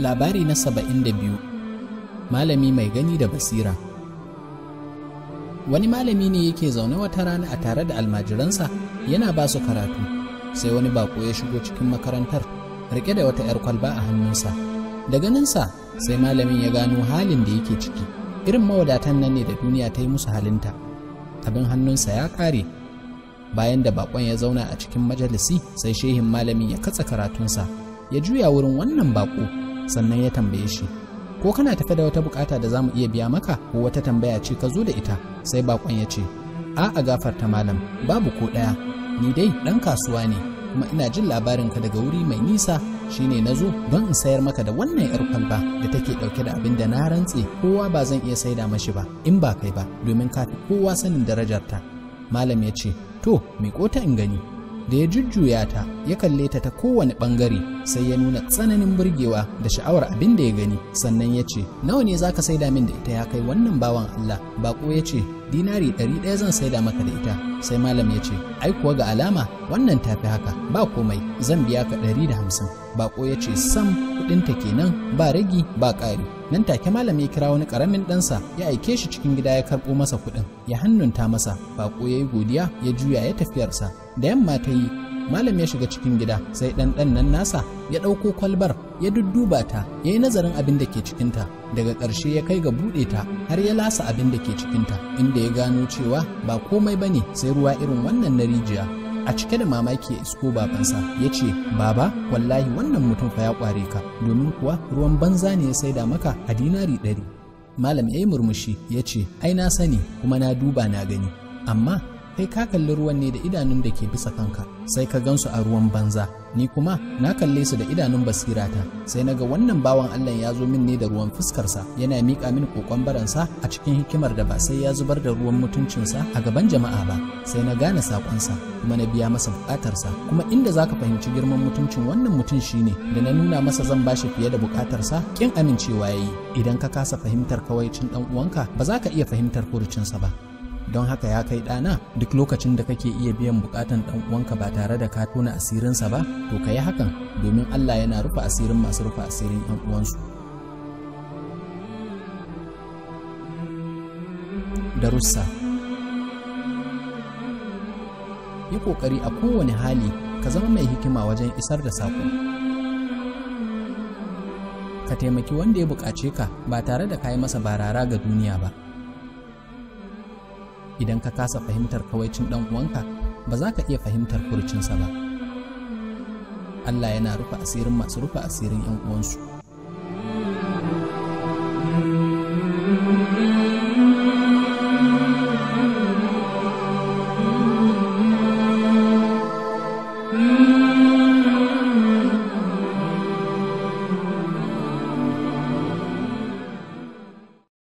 Labari na saba'in da biyu Malami mai gani da basira Wani malami ne yake zaune wata rana a tare da almajiransa yana ba su karatu sai wani bako ya shigo cikin makarantar rike da wata 'yar kwalba a hannunsa da ganinsa sai malamin ya gano halin da yake ciki irin mawadatan nan ne da duniya ta yi musu halinta. abin hannunsa ya ƙare bayan da bakon ya zauna a cikin majalisi sai shehin malamin ya katsa karatunsa ya juya wurin wannan bako sannan ya tambaye shi ko kana tafe da wata bukata da za mu iya biya maka ko wata tambaya ce ka zo da ita sai bakon ya ce a'a gafarta malam babu ko ɗaya ni dai ɗan kasuwa ne kuma ina jin labarin ka daga wuri mai nisa shine na zo don in sayar maka da wannan yar kwalba da take dauke da abin da na rantse kowa ba zan iya saida mashi ba in ba kai ba domin ka kowa sanin darajarta malam ya ce to mai kota in gani da ya jujjuya ta ya kalle ta ta kowane ɓangare sai ya nuna tsananin burgewa da sha'awar abin da ya gani sannan ya ce nawa ne za ka saida min da ita ya kai wannan bawan Allah bako ya ce dinari ɗari ɗaya zan saida maka da ita sai malam ya ce ai kuwa ga alama wannan tafi haka ba komai zan biya ka ɗari da hamsin bako ya ce sam kuɗinta kenan ba ragi ba ƙari nan take malam ya kira wani ƙaramin ɗansa ya aike shi cikin gida ya karɓo masa kuɗin ya hannunta masa bako ya yi godiya ya juya ya tafiyarsa da yamma ta yi malam ya shiga cikin gida sai ɗan ɗan nan nasa ya ɗauko kwalbar ya dudduba ta ya yi nazarin abin da ke cikinta daga ƙarshe ya kai ga buɗe ta har ya lasa abin da ke cikinta inda ya gano cewa ba komai ba ne sai ruwa irin wannan na rijiya a cike da mamaki ya isko babansa ya ce baba wallahi wannan mutum fa ya ƙware ka domin kuwa ruwan banza ne ya saida maka a dinari ɗari malam ya yi murmushi ya ce ai na sani kuma na duba na gani amma kai ka kalli ruwan ne da idanun da ke bisa kanka sai ka gansu a ruwan banza ni kuma na kalle su da idanun basirata sai na ga wannan bawan Allah ya zo min ne da ruwan fuskarsa yana miƙa min kokon baransa a cikin hikimar da ba sai ya zubar da ruwan mutuncinsa a gaban jama'a ba sai na gane sakonsa kuma na biya masa bukatarsa kuma inda zaka fahimci girman mutuncin wannan mutum shine da na nuna masa zan ba shi fiye da sa kin amincewa yayi idan ka kasa fahimtar kawaicin dan uwanka ba za ka iya fahimtar kurucinsa ba don haka ya kai ɗana duk lokacin da kake iya biyan bukatan ɗan uwanka ba tare da ka tona asirinsa ba to ka yi hakan domin Allah yana rufe asirin masu rufe asirin ɗan uwansu darussa yi ƙoƙari a kowane hali ka zama mai hikima wajen isar da saƙo ka taimaki wanda ya buƙace ka ba tare da ka yi masa barara ga duniya ba idan ka kasa fahimtar kawaicin ɗan uwanka ba za ka iya fahimtar kurcinsa ba Allah yana rufe asirin masu rufe asirin 'yan uwansu.